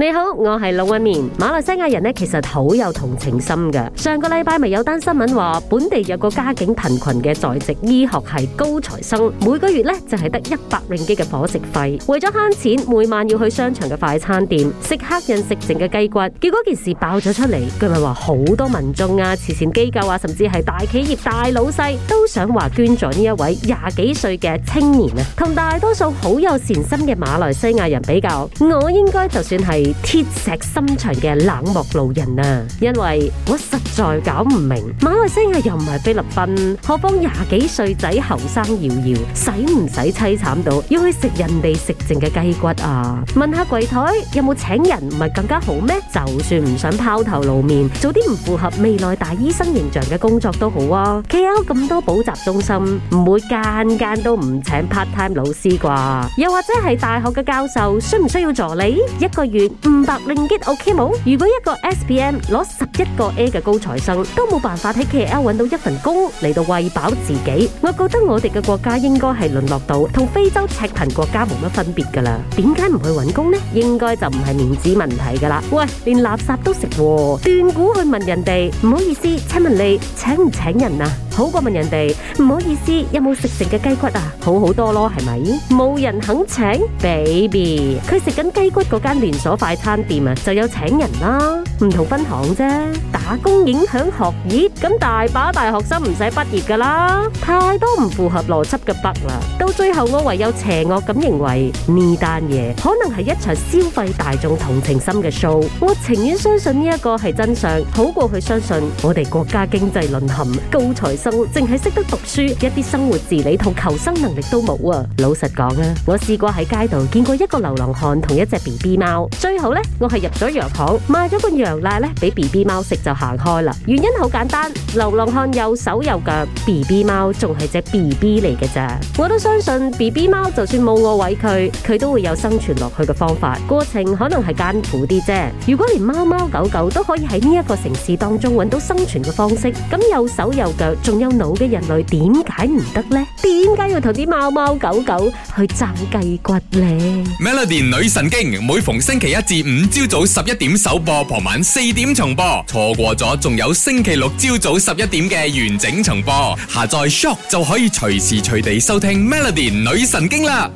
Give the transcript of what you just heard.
你好，我係龍紋敏。馬來西亞人咧，其實好有同情心嘅。上個禮拜咪有單新聞話，本地有個家境貧困嘅在職醫學系高材生，每個月咧就係、是、得一百令吉嘅伙食費。為咗慳錢，每晚要去商場嘅快餐店食客人食剩嘅雞骨。結果件事爆咗出嚟，佢咪話好多民眾啊、慈善機構啊，甚至係大企業大老細都想話捐助呢一位廿幾歲嘅青年啊。同大多數好有善心嘅馬來西亞人比較，我應該就算係，鐵石心腸嘅冷漠路人啊！因為我實在搞唔明，馬來西亞又唔係菲律賓，何況廿幾歲仔後生搖搖，使唔使凄慘到要去食人哋食剩嘅雞骨啊？問下櫃台有冇請人唔係更加好咩？就算唔想拋頭露面，做啲唔符合未來大醫生形象嘅工作都好啊！KL 咁多補習中心，唔會間間都唔請 part time 老師啩？又或者係大學嘅教授，需唔需要助理？一個月？五百零幾 OK 冇？如果一個 S P M 攞十一個 A 嘅高材生都冇辦法喺 K L 揾到一份工嚟到餵飽自己，我覺得我哋嘅國家應該係淪落到同非洲赤貧國家冇乜分別噶啦。點解唔去揾工呢？應該就唔係面子問題噶啦。喂，連垃圾都食，斷估去問人哋，唔好意思，請問你請唔請人啊？好過問人哋唔好意思有冇食剩嘅雞骨啊，好好多咯，係咪？冇人肯請，baby，佢食緊雞骨嗰間連鎖快餐店啊，就有請人啦，唔同分行啫。打工影響學業，咁大把大學生唔使畢業噶啦，太多唔符合邏輯嘅筆啦。到最後我唯有邪惡咁認為呢單嘢可能係一場消費大眾同情心嘅 show，我情願相信呢一個係真相，好過去相信我哋國家經濟淪陷，高材生。淨係識得讀書，一啲生活自理同求生能力都冇啊！老實講啊，我試過喺街度見過一個流浪漢同一隻 B B 貓，最後呢，我係入咗藥房買咗罐羊奶呢俾 B B 貓食就行開啦。原因好簡單，流浪漢有手有腳，B B 貓仲係隻 B B 嚟嘅咋？我都相信 B B 貓就算冇我餵佢，佢都會有生存落去嘅方法，過程可能係艱苦啲啫。如果連貓貓狗狗都可以喺呢一個城市當中揾到生存嘅方式，咁有手有腳。仲有腦嘅人類，點解唔得呢？點解要同啲貓貓狗狗去爭雞骨呢？Melody 女神經每逢星期一至五朝早十一點首播，傍晚四點重播，錯過咗仲有星期六朝早十一點嘅完整重播。下載 Shock 就可以隨時隨地收聽 Melody 女神經啦。